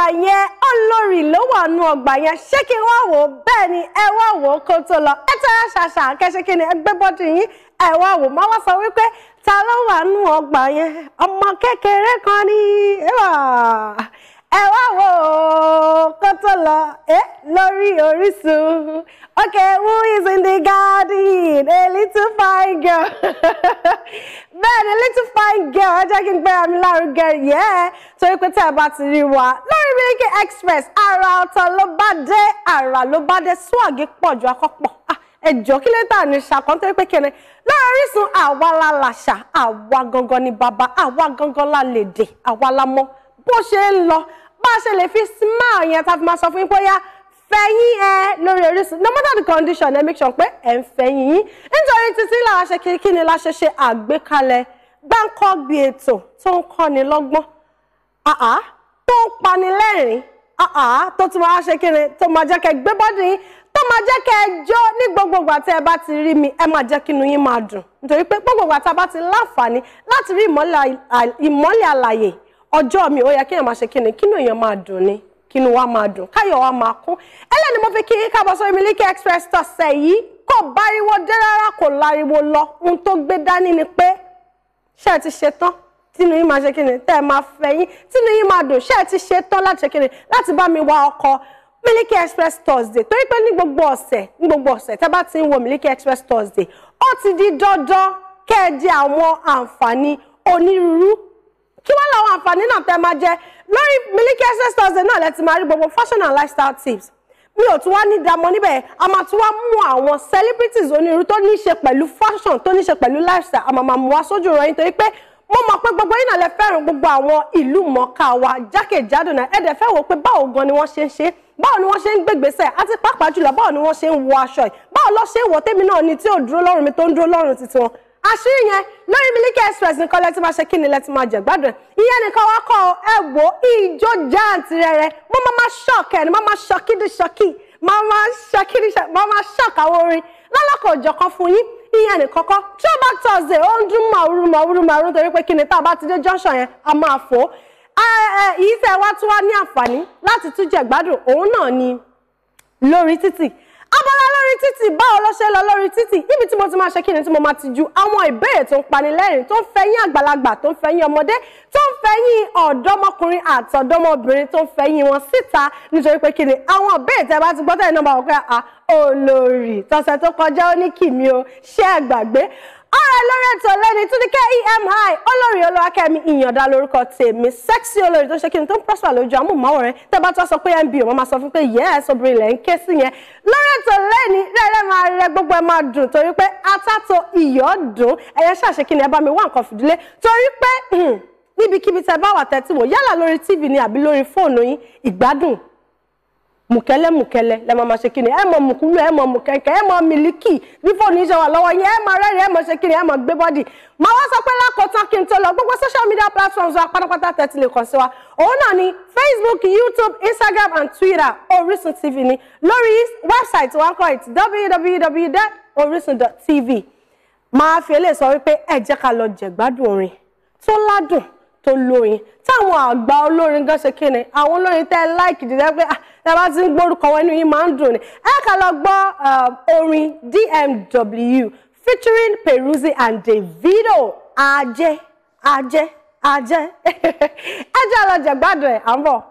ọgbà yẹn olórí ló wà nù ọgbà yẹn ṣé kí wọ́n wò ó bẹ́ẹ̀ ni ẹ wá wò ó kó tó lọ ẹ tẹ́lẹ̀ ṣàṣà kẹ́ṣe kí ni ẹ gbé bọ́dù yín ẹ wá wò má wá sọ wípé ta ló wà nù ọgbà yẹn ọmọ kékeré kan ni ẹ wá wò ó kó tó lọ ẹ lórí Orísun okay who is in the garden a little fine girl bẹ́ẹ̀ ni little fine girl jẹ́ kí n gbé àmì lárugẹ yẹ́ torí pé tẹ́ ẹ bá ti rí wa lọ́ Miliki Express ara ọ̀tọ̀ ló bá dé ara ló bá dé swagi pọ̀ ju akọ́pọ̀ ah, ẹjọ́ kí ló ń tà ní ṣàkóń tó pé kẹrin lára Orísun àwa la làṣà àwa gangan ni bàbá àwa gangan la lèdè àwa la mọ bó ṣe ń lọ bá a ṣe lè fi smile yẹn tá a fi máa sọ fún yín bóyá fẹ̀yìn ẹ lórí Orísun no matter the condition ẹ make sure pé ẹ ń fẹ̀yìn yín nítorí títí làwọn ṣe kí ni la ṣe ṣe àgbékalẹ̀ gbáǹkọ́ bí ètò tó ń kọ́ni lọ́gbọ́n ah, ah panilẹ́rìn tó tún máa ṣe kíni tó máa jẹ́ kẹ́ gbé bọ́dì yín tó máa jẹ́ kẹ́ jó ní gbogbo ìgbà tẹ́ ẹ bá ti rí mi ẹ máa jẹ́ kí inú yín máa dùn nítorí pé gbogbo ìgbà tá a bá ti láǹfààní láti rí ìmọ́lẹ̀ àlàyé ọjọ́ mi ó yẹ kí èèyàn máa ṣe kíni kí inú èèyàn máa dùn ni kí inú wa máa dùn káyọ̀ wa máa kún ẹlẹ́ni mo fi kí káàbọ̀ sórí Miliki Express tọ̀sẹ̀ yìí kò báriwo dé rárá kò láriwo lọ ohun tó gbé dání ni pé ṣé ẹ ti ṣe tán tínú yín máa ṣe kí ni tẹ́ ẹ máa fẹ́ yín tínú yín máa dùn ṣé ẹ ti ṣe tán láti ṣe kí ni láti bá mi wa ọkọ̀ Miliki Express Thursday torí pé ní gbogbo ọ̀sẹ̀ ní gbogbo ọ̀sẹ̀ tẹ́ bá ti ń wo Miliki Express Thursday ó ti di dandan kẹ́ ẹ jẹ àwọn àǹfààní onírúurú kí wọ́n làwọn àǹfààní náà tẹ́ máa jẹ lórí Miliki Express Thursday náà lẹ ti máa rí gbogbo fashion and lifestyle tips mi ò tún wá ní ìdààmú níbẹ̀ a máa tún wá mú àwọn celebrities onírúurú tó ní í ṣe pẹ̀lú fashion tó ní í ṣe pẹ̀lú lifestyle a máa máa mú wá sójú rọ torí pé mo mọ̀ pé gbogbo yín náà lè fẹ́ràn gbogbo àwọn ìlú mọ̀ọ́ká wa jákèjádò náà ẹ̀dẹ̀ fẹ́ wò pé báwo gan ni wọ́n ṣe ń ṣe é báwo ni wọ́n ṣe ń gbégbèsè àti pàápàá jùlọ báwo ni wọ́n ṣe ń wọ aṣọ yìí báwo ló ṣe ń wọ tèmi náà ni tí ò dúró lọ́rùn mi tó ń dúró lọ́rùn títí wọn àṣírí yẹn lórí Miliki Express nìkan lẹ́tí máa ṣe kí ni lẹ́tí máa jẹ̀gbádùn ẹ̀ ìyẹn nìkan wá kọ́ ẹ wo ìjó jáǹtì rẹ̀rẹ̀ mo máa ma ṣọ́ọ̀kì ẹ̀ ni bn kọ́kọ́ throwback thursday ó ń dún màrú màrú màrú torí pé kíni tá a bá ti dé junction yẹn a máa fò ó èyí tẹ́ wá tún wá ní àǹfààní láti tún jẹ gbádùn òun náà ni lórí títì abala lórí títì báwo ló ṣe lọ lórí títì níbi tí mo ti máa ṣe kí ni mo máa ti ju àwọn ìbéèrè to ń panilẹ́rìn tó ń fẹ́yìn àgbàlagbà tó ń fẹ́yìn ọmọdé tó ń fẹ́yìn ọ̀dọ́mọkùnrin to tó ń fẹ́yìn wọn síta nítorí pé kí ni àwọn ìbéèrè tẹ́ bá ti gbọ́ tẹ́lẹ̀ náà bá wọ́n pé olórí tọ̀sẹ̀ tó kọjá ó ní kìmí o ṣé ẹ ọ̀rọ̀ lórí ètò lẹ́ni tún ní kẹ́ EMI olórin olúwakẹ́mi ìyàndá lórúkọ tèmi sẹ́ksì olórin tó ṣe kí n tó ń pọ́sọ̀ lójú amóhùnmáwòrán tẹ́ bá tó sọ pé mb òun máa sọ fún pé yes obìnrin ilẹ̀ ń ké sí yẹn lórí ètò lẹ́ni rẹ́rẹ́ máa rẹ gbogbo ẹ máa dùn torí pé atátó iyọ̀ dùn ẹ̀yẹ ṣàṣẹ kí ni ẹ bá mi wá nǹkan fìdílé torí pé hmm, níbikíbi tẹ́ bá wà tẹ́tí wò yálà lórí tv ni àbí lórí fóònù yín ìgbádùn Mukele, mukele, lẹ́ máa ma ni ẹ mọ mùkúlù ẹ mọ mùkẹ́kẹ́ ẹ mọ mílíkì fífò ní ìṣẹ̀wà yẹn ẹ mọ rẹ́rìn ẹ mọ ṣe ni ẹ mọ gbé bọ́dì. màá wá sọ pé lákòótán kí n tó lọ gbogbo social media platforms wa pátápátá tẹ́tí lè kàn sí wa òun náà ni Facebook YouTube Instagram and Twitter Orisun TV ni lórí website wa kọ́ it www.orisun.tv máa fi eléyìí sọ wípé ẹ jẹ́ ká lọ jẹ̀gbádùn orin tó ládùn tó lóyin táwọn àgbà olórin gan ṣe ni àwọn olórin tẹ́ láìkì dídá pé ah tá a bá ti ń gbórúkọ wọn inú yín máa ń dùn ẹ lọ gbọ́ uh, orin DMW featuring Peruzzi and Davido ajé ajé ajé ẹ jẹ́ àlọ́ jẹ̀gbádùn à ń